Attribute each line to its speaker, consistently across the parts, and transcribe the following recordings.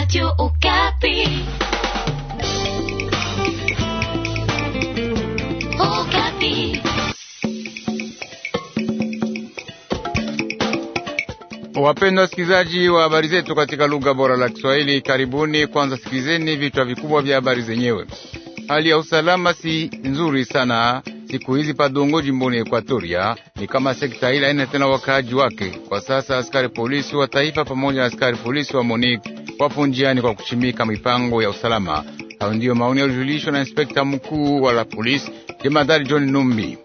Speaker 1: Radio Okapi. Okapi.
Speaker 2: Wapendwa wasikilizaji wa habari zetu katika lugha bora la Kiswahili, karibuni. Kwanza sikilizeni vichwa vikubwa vya habari zenyewe. Hali ya usalama si nzuri sana siku hizi Padongo jimboni Ekuatoria ni kama sekta ile haina tena wakaaji wake. Kwa sasa askari polisi wa taifa pamoja na askari polisi wa MONUC wapo njiani kwa kuchimika mipango ya usalama. Hayo ndiyo maoni yaliyojulishwa na inspekta mkuu wa la polisi jemadari John Numbi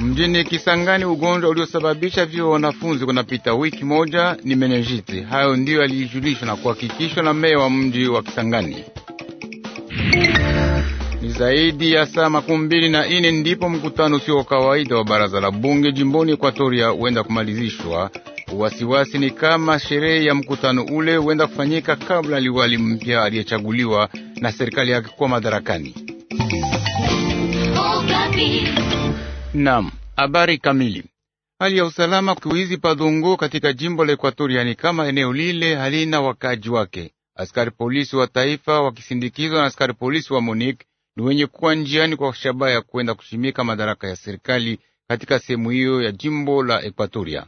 Speaker 2: mjini Kisangani. Ugonjwa uliosababisha vyo wanafunzi kunapita wiki moja ni menejiti. Hayo ndiyo yaliyojulishwa na kuhakikishwa na meya wa mji wa Kisangani. Ni zaidi ya saa makumi mbili na ine ndipo mkutano usio wa kawaida wa baraza la bunge jimboni Ekwatoria huenda kumalizishwa Wasiwasi ni kama sherehe ya mkutano ule huenda kufanyika kabla liwali mpya aliyechaguliwa na serikali yake kuwa madarakani. Naam, habari kamili. Hali ya usalama kuizi Padongo katika jimbo la ekwatoria ni kama eneo lile halina wakaji wake. Askari polisi wa taifa wakisindikizwa na askari polisi wa Monique ni wenye kuwa njiani kwa shabaha ya kwenda kushimika madaraka ya serikali katika sehemu hiyo ya jimbo la ekwatoria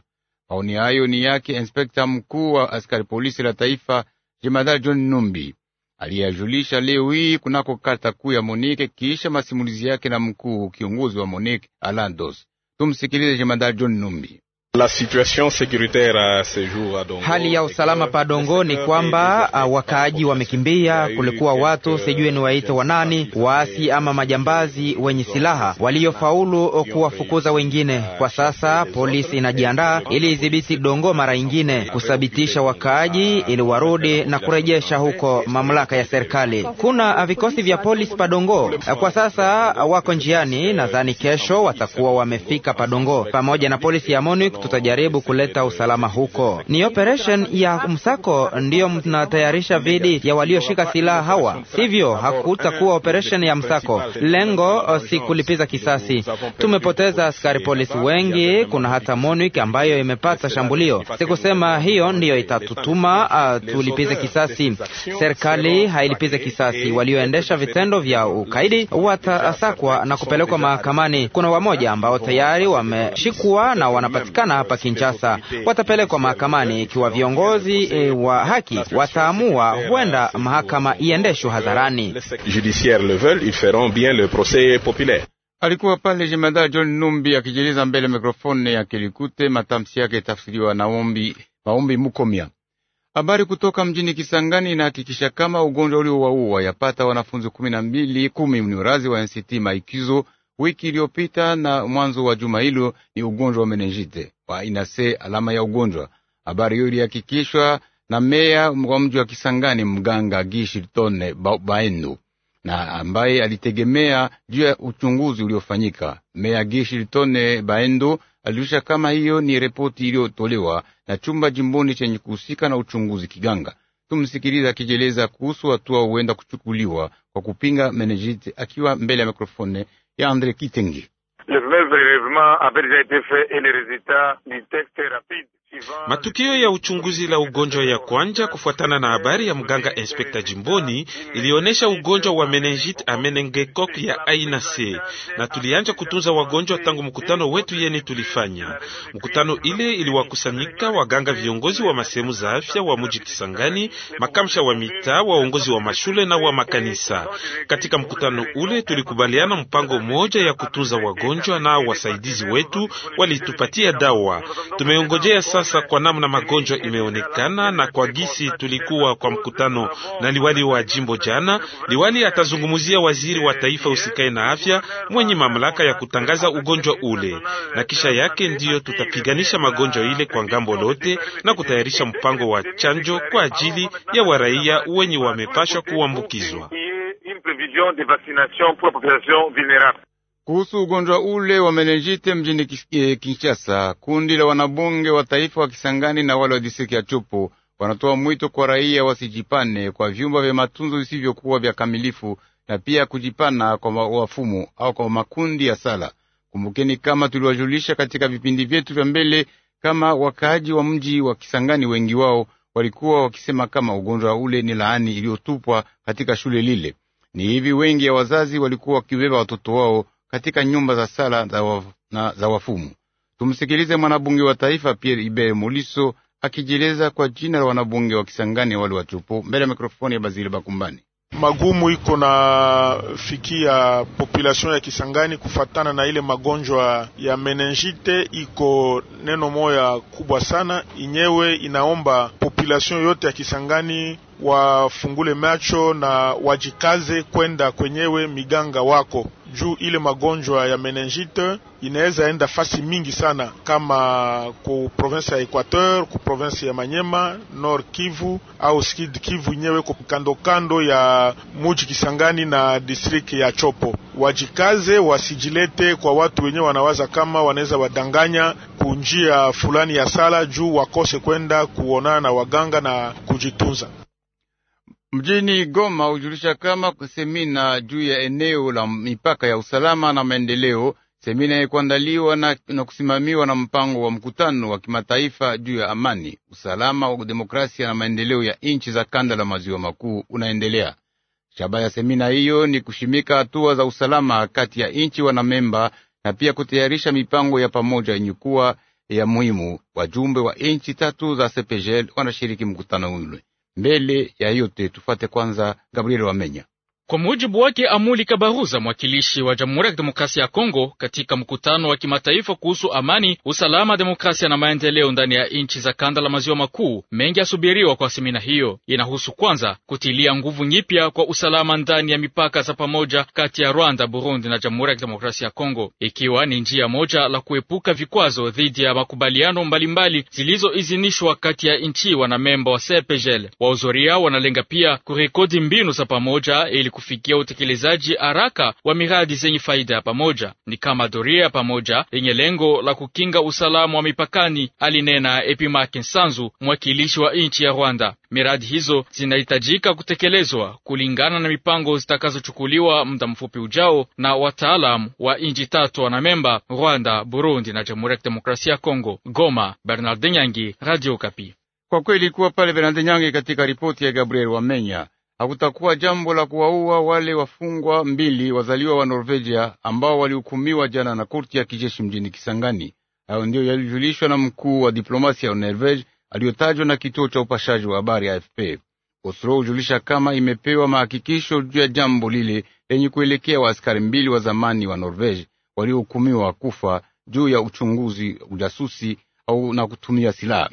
Speaker 2: Maoni hayo ni yake inspekta mkuu wa askari polisi la taifa jemadari John Numbi aliyajulisha leo hii kunako karta kuu ya Monike kisha masimulizi yake na mkuu kiongozi wa Monike Alandos. Tumsikilize jemadari John Numbi. La situation securitaire ce jour a Dongo.
Speaker 1: Hali ya usalama pa Dongo ni kwamba ah, wakaaji wamekimbia. Kulikuwa watu sijui ni waite wanani, waasi ama majambazi wenye silaha waliofaulu kuwafukuza wengine. Kwa sasa polisi inajiandaa ili idhibiti Dongo mara nyingine, kusabitisha wakaaji ili warudi na kurejesha huko mamlaka ya serikali. Kuna vikosi vya polisi pa Dongo eh, kwa sasa wako njiani, nadhani kesho watakuwa wamefika pa Dongo pamoja na polisi ya Monique tutajaribu kuleta usalama huko. Ni operation ya msako ndiyo mnatayarisha dhidi ya walioshika silaha hawa, sivyo hakutakuwa operation ya msako. Lengo uh, si kulipiza kisasi. Tumepoteza askari polisi wengi, kuna hata MONUC ambayo imepata shambulio. Sikusema hiyo ndiyo itatutuma uh, tulipize kisasi. Serikali hailipize kisasi, walioendesha vitendo vya ukaidi watasakwa na kupelekwa mahakamani. Kuna wamoja ambao tayari wameshikwa na wanapatikana sana hapa Kinshasa, watapelekwa mahakamani. Ikiwa viongozi e, wa haki wataamua, huenda mahakama iendeshwe hadharani.
Speaker 2: Alikuwa pale jemadari John Numbi akijieleza mbele mikrofoni ya Kilikute. Matamshi yake tafsiriwa na ombi maombi Mukomia. Habari kutoka mjini Kisangani inahakikisha kama ugonjwa uliowaua yapata wanafunzi kumi na mbili kumi mniorazi wa NCT Maikizo wiki iliyopita na mwanzo wa juma hilo ni ugonjwa wa menejite wa aina C, alama ya ugonjwa. Habari hiyo ilihakikishwa na meya wa mji wa Kisangani, mganga Gishiltone Baenu na ambaye alitegemea juu ya uchunguzi uliofanyika. Meya Gishiltone Baendo alijulisha kama hiyo ni ripoti iliyotolewa na chumba jimboni chenye kuhusika na uchunguzi kiganga. Tumsikiliza akijieleza kuhusu hatua huenda kuchukuliwa kwa kupinga menejiti akiwa mbele ya mikrofone ya Andre Kitengi. Matukio ya uchunguzi la ugonjwa
Speaker 3: ya kwanja kufuatana na habari ya mganga inspekta jimboni ilionyesha ugonjwa wa meningite amenengekok ya aina C, na tulianja kutunza wagonjwa tangu mkutano wetu yeni tulifanya. Mkutano ile iliwakusanyika waganga viongozi wa masehemu za afya wa muji Kisangani, makamsha wa mitaa, waongozi wa mashule na wa makanisa. Katika mkutano ule tulikubaliana mpango mmoja ya kutunza wagonjwa na wasaidizi wetu walitupatia dawa. Tumeongojea sasa kwa namna magonjwa imeonekana na kwa gisi tulikuwa kwa mkutano na liwali wa jimbo jana. Liwali atazungumzia waziri wa taifa usikae na afya mwenye mamlaka ya kutangaza ugonjwa ule, na kisha yake ndiyo tutapiganisha magonjwa ile kwa ngambo lote na kutayarisha mpango wa chanjo kwa ajili ya waraia wenye wamepashwa kuambukizwa
Speaker 2: kuhusu ugonjwa ule wa menenjite mjini eh, Kinshasa. Kundi la wanabunge wa taifa wa Kisangani na wale wa distrikti ya Chopo wanatoa mwito kwa raia wasijipane kwa vyumba vya matunzo visivyokuwa vya kamilifu na pia kujipana kwa wafumu au kwa makundi ya sala. Kumbukeni kama tuliwajulisha katika vipindi vyetu vya mbele, kama wakaaji wa mji wa Kisangani wengi wao walikuwa wakisema kama ugonjwa ule ni laani iliyotupwa katika shule lile. Ni hivi wengi ya wazazi walikuwa wakibeba watoto wao katika nyumba za sala za, waf, na, za wafumu. Tumsikilize mwanabunge wa taifa Pierre Ibe Muliso akijieleza kwa jina la wanabunge wa Kisangani wale watupu mbele ya mikrofoni ya Bazili Bakumbani.
Speaker 3: Magumu iko na fikia population ya Kisangani kufatana na ile magonjwa ya meningite, iko neno moya kubwa sana inyewe inaomba population yote ya Kisangani wafungule macho na wajikaze kwenda kwenyewe miganga wako juu ile magonjwa ya meningite inaweza enda fasi mingi sana, kama ku province ya Equateur, ku province ya Manyema, Nord Kivu au Sud Kivu yenyewe, ku kando kando ya muji Kisangani na district ya Chopo. Wajikaze, wasijilete kwa watu wenyewe wanawaza kama wanaweza wadanganya kunjia fulani ya sala juu wakose kwenda kuonana na waganga
Speaker 2: na kujitunza mjini Goma hujulisha kama semina juu ya eneo la mipaka ya usalama na maendeleo. Semina ya kuandaliwa na, na kusimamiwa na mpango wa mkutano wa kimataifa juu ya amani, usalama wa demokrasia na maendeleo ya nchi za kanda la maziwa makuu unaendelea. Shabaha ya semina hiyo ni kushimika hatua za usalama kati ya nchi wanamemba na pia kutayarisha mipango ya pamoja yenye kuwa ya muhimu. Wajumbe wa nchi tatu za CPGL wanashiriki mkutano ule. Mbele ya yote tufate kwanza Gabriel Wamenya. Kwa mujibu wake
Speaker 3: Amuli Kabaruza, mwakilishi wa Jamhuri ya Kidemokrasia ya Kongo katika mkutano wa kimataifa kuhusu amani, usalama, demokrasia na maendeleo ndani ya nchi za kanda la maziwa makuu, mengi yasubiriwa kwa semina hiyo. Inahusu kwanza kutilia nguvu nyipya kwa usalama ndani ya mipaka za pamoja kati ya Rwanda, Burundi na Jamhuri ya Kidemokrasia ya Kongo, ikiwa ni njia moja la kuepuka vikwazo dhidi ya makubaliano mbalimbali zilizoizinishwa kati ya nchi wanamemba wa CEPGL. Wahudhuria wanalenga pia kurekodi mbinu za pamoja ili kufikia utekelezaji haraka wa miradi zenye faida ya pamoja, ni kama doria ya pamoja yenye lengo la kukinga usalama wa mipakani, alinena Epimake Nsanzu, mwakilishi wa nchi ya Rwanda. Miradi hizo zinahitajika kutekelezwa kulingana na mipango zitakazochukuliwa muda mfupi ujao na wataalamu wa nchi tatu wanamemba: Rwanda, Burundi na Jamhuri ya Kidemokrasia ya Kongo. Goma, Bernard Nyangi, Radio Kapi.
Speaker 2: Kwa kweli kuwa pale Bernard Nyangi katika ripoti ya Gabriel Wamenya hakutakuwa jambo la kuwaua wale wafungwa mbili wazaliwa wa Norvegia ambao walihukumiwa jana na korti ya kijeshi mjini Kisangani. Hayo ndiyo yalijulishwa na mkuu wa diplomasia wa Norvege aliyotajwa na kituo cha upashaji wa habari AFP. Oslo hujulisha kama imepewa mahakikisho juu ya jambo lile lenye kuelekea wa askari mbili wa zamani wa Norvege waliohukumiwa kufa juu ya uchunguzi, ujasusi au na kutumia silaha.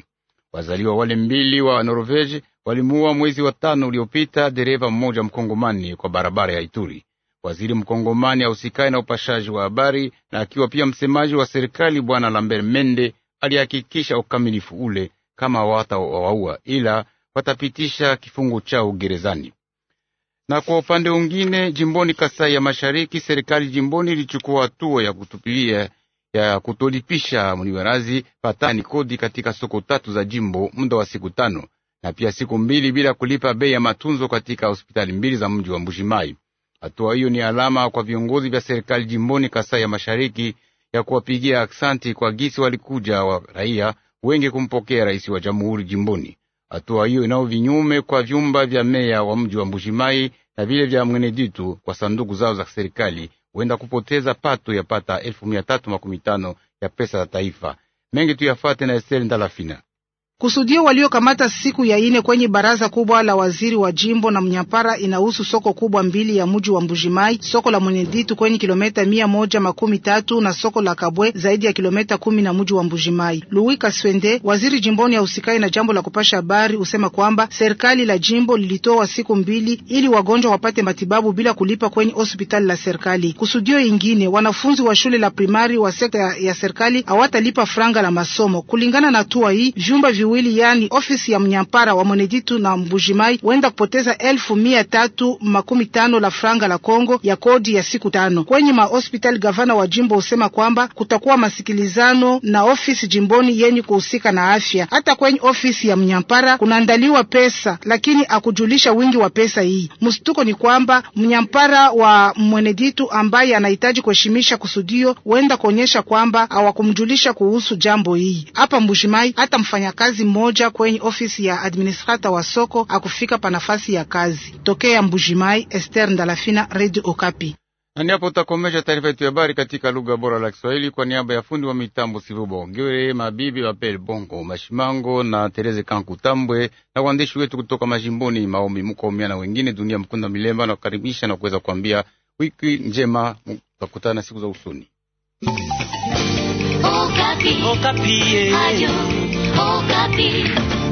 Speaker 2: Wazaliwa wale mbili wa Norvege walimuua mwezi wa tano uliopita dereva mmoja mkongomani kwa barabara ya Ituri. Waziri mkongomani ahusikani na upashaji wa habari na akiwa pia msemaji wa serikali bwana Lambert Mende alihakikisha ukamilifu ule, kama watawaua ila watapitisha kifungo chao gerezani. Na kwa upande mwingine, jimboni Kasai ya Mashariki, serikali jimboni ilichukua hatua ya kutupilia ya kutolipisha mliwanazi patani kodi katika soko tatu za jimbo muda wa siku tano na pia siku mbili bila kulipa bei ya matunzo katika hospitali mbili za mji wa Mbushimai. Hatua hiyo ni alama kwa viongozi vya serikali jimboni Kasai ya Mashariki ya kuwapigia aksanti kwa gisi walikuja wa raia wengi kumpokea rais wa jamhuri jimboni. Hatua hiyo inao vinyume kwa vyumba vya meya wa mji wa Mbushimai na vile vya Mweneditu kwa sanduku zao za serikali huenda kupoteza pato ya pata elfu mia tatu makumi tano ya pesa za taifa. Mengi tuyafate na Esteli Ndalafina.
Speaker 4: Kusudio waliokamata siku ya ine kwenye baraza kubwa la waziri wa jimbo na mnyapara inahusu soko kubwa mbili ya mji wa Mbujimai, soko la Mweneditu kwenye kilometa mia moja makumi tatu na soko la Kabwe zaidi ya kilometa kumi na mji wa Mbujimai. Louis Kaswende, waziri jimboni ya usikai na jambo la kupasha habari, husema kwamba serikali la jimbo lilitoa siku mbili ili wagonjwa wapate matibabu bila kulipa kwenye hospitali la serikali. Kusudio ingine, wanafunzi wa shule la primari wa sekta ya serikali hawatalipa franga la masomo. Kulingana na hatua hii vyumba vi viwili yani ofisi ya mnyampara wa Mweneditu na Mbujimai huenda kupoteza elfu mia tatu makumi tano la franga la Kongo ya kodi ya siku tano kwenye mahospitali. Gavana wa jimbo husema kwamba kutakuwa masikilizano na ofisi jimboni yenye kuhusika na afya. Hata kwenye ofisi ya mnyampara kunaandaliwa pesa, lakini akujulisha wingi wa pesa hii. Mstuko ni kwamba mnyampara wa Mweneditu ambaye anahitaji kuheshimisha kusudio huenda kuonyesha kwamba hawakumjulisha kuhusu jambo hii hapa Mbujimai. Hata mfanyakazi mfanyakazi mmoja kwenye ofisi ya administrata wa soko akufika pa nafasi ya kazi. Tokea Mbujimai, Esther Ndalafina, Radio Okapi.
Speaker 2: Na ndipo utakomesha taarifa yetu ya habari katika lugha bora la Kiswahili kwa niaba ya fundi wa mitambo Sivubo Ngere, Mabibi Mapele Bongo Mashimango na Tereze Kankutambwe na waandishi wetu kutoka majimboni Maomi Mukaumia na wengine dunia Mkunda Milemba, na kukaribisha na kuweza kuambia wiki njema, tutakutana siku za usoni.
Speaker 4: Okapi. Okapi. Eh. Boca Bis.